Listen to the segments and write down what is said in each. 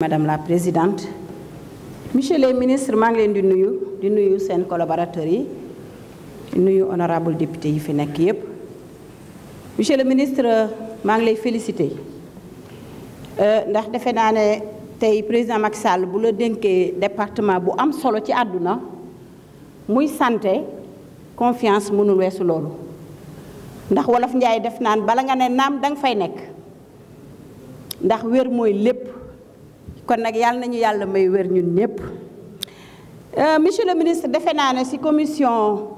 madame la présidente monsieur les ministres maa ngi leen di nuyu di nuyu seen collaborateurs yi nuyu honorable député yi fi nekk yépp monsieur le ministre maa ngi lay félicité euh, ndax defe naa ne tey président Macky Sall bula la dénkee département bu am solo ci àdduna muy santé confiance mënul weesu loolu ndax wolof njaay def naan bala nga ne naam danga fay nekk ndax wér mooy lépp kon nag yàlla nañu yàlla may wér ñun ñëpp euh, monsieur le ministre defe naa ne ci commission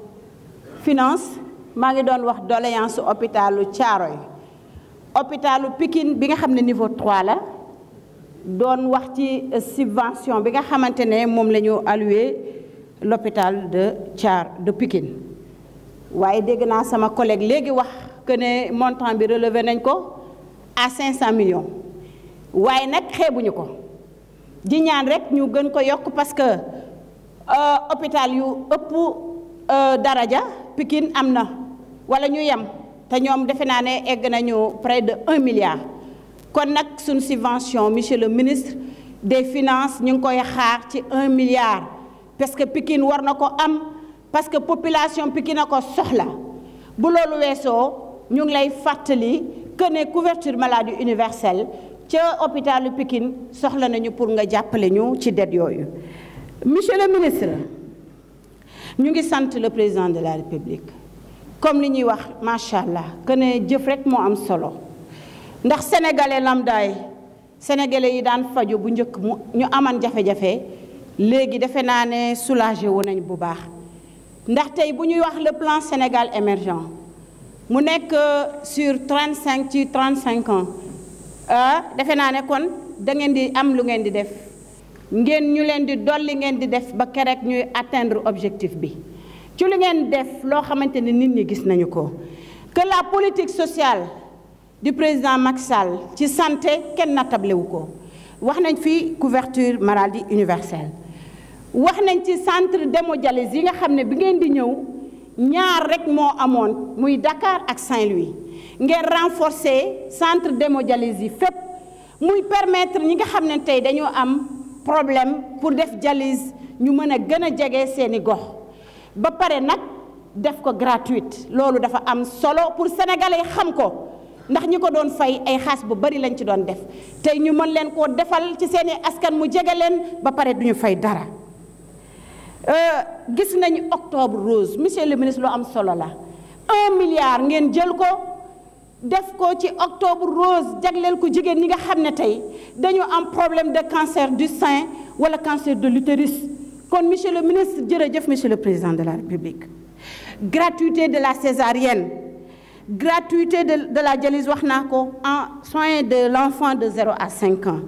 finance maa ngi doon wax doléance hôpitalu Thiaroye hôpitalu pikin bi nga xam ne niveau 3 la doon wax ci subvention bi nga xamante ne moom la ñu alloué l'hôpital de Thiar de Pikine waaye dégg naa sama collègue léegi wax que ne montant bi relevé nañ ko à cinq cent millions waaye nag xeebuñu ko. di ñaan rek ñu gën ko yokk parce que euh, hôpital yu ëpp euh, daraja Pikine am na wala ñu yem te ñoom defe naa ne egg nañu près de un milliard kon nag suñ subvention monsieur le ministre des finances ñu ngi koy xaar ci un milliard parce que Pikine war na ko am parce que population Pikine na ko soxla bu loolu weesoo ñu ngi lay fàttali que ne couverture maladie universelle ca hôpitalu Pikine soxla nañu pour nga jàppale ñu ci det yooyu monsieur le ministre ñu ngi sant le président de la république comme li ñuy wax macha allah que ne jëf rek moo am solo ndax sénégalais lambda yi yi daan faju bu njëkk mu ñu aman jafe-jafe léegi defe naa ne soulagé wu nañu bu baax ndax tey bu ñuy wax le plan Sénégal émergent mu nekk euh, sur cinq ci 35 ans Ah, defe naa ne kon da ngeen di am lu ngeen di def ngeen ñu leen di dolli ngeen di def ba kerek ñuy atteindre objectif bi ci lu ngeen def loo xamante ne nit ñi gis nañu ko que politique sociale di président Macky Sall ci santé kenn nattable wu ko wax nañ fi couverture maladie universelle wax nañ ci centre d'hémodialyse yi nga xam ne bi ngeen di ñëw ñaar rek moo amoon muy dakaar ak Saint-Louis ngeen renforcer centre d'hémodialyse yi fépp muy permettre ñi nga xam ne tey dañoo am problème pour def dialyse ñu mën a gën a jege seeni gox ba pare nag def ko gratuite loolu dafa am solo pour sénégalais xam ko ndax ñi ko doon fay ay xas bu bari lañ ci doon def tey ñu mën leen koo defal ci seeni askan mu jege leen ba pare duñu fay dara euh, gis nañu octobre rose monsieur le ministre lu am solo la un milliard ngeen jël ko def ko ci octobre rose jagleel ko jigéen ñi nga xam ne tey dañoo am problème de cancer du sein wala cancer de l'utérus kon monsieur le ministre jëf monsieur le président de la république gratuité de la césarienne gratuité de de la dialyse wax naa ko en soins de l'enfant de zéro à cinq ans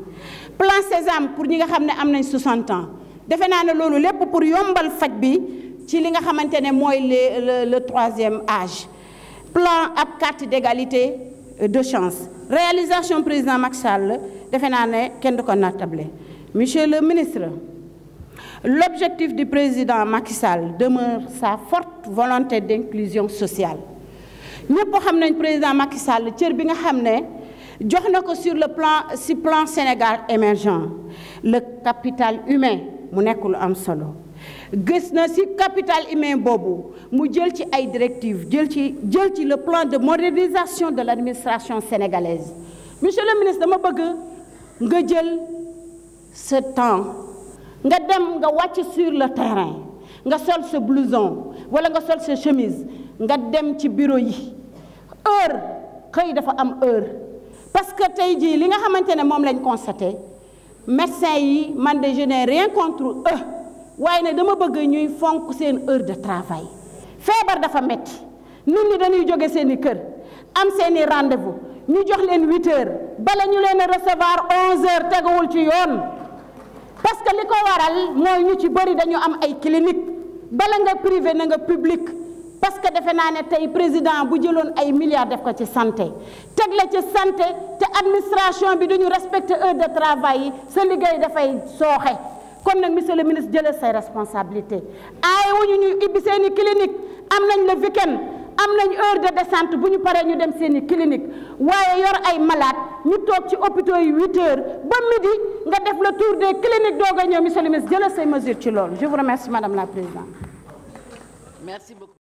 plan Sésame pour ñi nga xam ne am nañ 60 ans defe naa ne loolu lépp pour yombal faj bi ci li nga xamante ne mooy le le troisième age plan ab carte d'égalité euh, de chance réalisation président Macky Sall defe naa ne kenn du ko nattable monsieur le ministre l'objectif du président Macky Sall demeure sa forte volonté d'inclusion sociale ñëpp xam nañ président Macky Sall cër bi nga xam ne jox na ko sur le plan si plan Sénégal émergent le capital humain mu nekk lu am solo gis na si capital humain boobu mu jël ci ay directives jël ci jël ci le plan de modernisation de l'administration sénégalaise monsieur le ministre dama bëgg nga jël ce temps nga dem nga wàcc sur le terrain nga sol sa blouson walla nga sol sa chemise nga dem ci bureau yi heure xëy dafa am heure parce que tey jii li nga xamante ne moom lañ constaté médecin yi man de je n'ai rien waaye ne dama bëgg ñuy fonk seen heure de travail feebar dafa metti nit ñi dañuy jóge seen i kër am seen i rendez ñu jox leen huit bala ñu leen recevoir onze heures tegawul ci yoon parce que li ko waral mooy ñu ci bëri dañu am ay clinique bala nga privé na nga public parce que defe naa ne tey président bu jëloon ay milliards def ko ci santé teg la ci santé te administration bi duñu respecter heure de travail yi sa liggéey dafay sooxe kon nag monsieur le ministre jëlee say responsabilité aaye wuñu ñuy ibbi seen clinique am nañ le weekend am nañu heure de descente bu ñu paree ñu dem seeni i clinique waaye yor ay malaat ñu toog ci hôpitaux yi huit heures ba midi nga def le tour des cliniques doog a ñëw monsieur le ministre jëlee say mesure ci loolu je vous remercie madame la présidente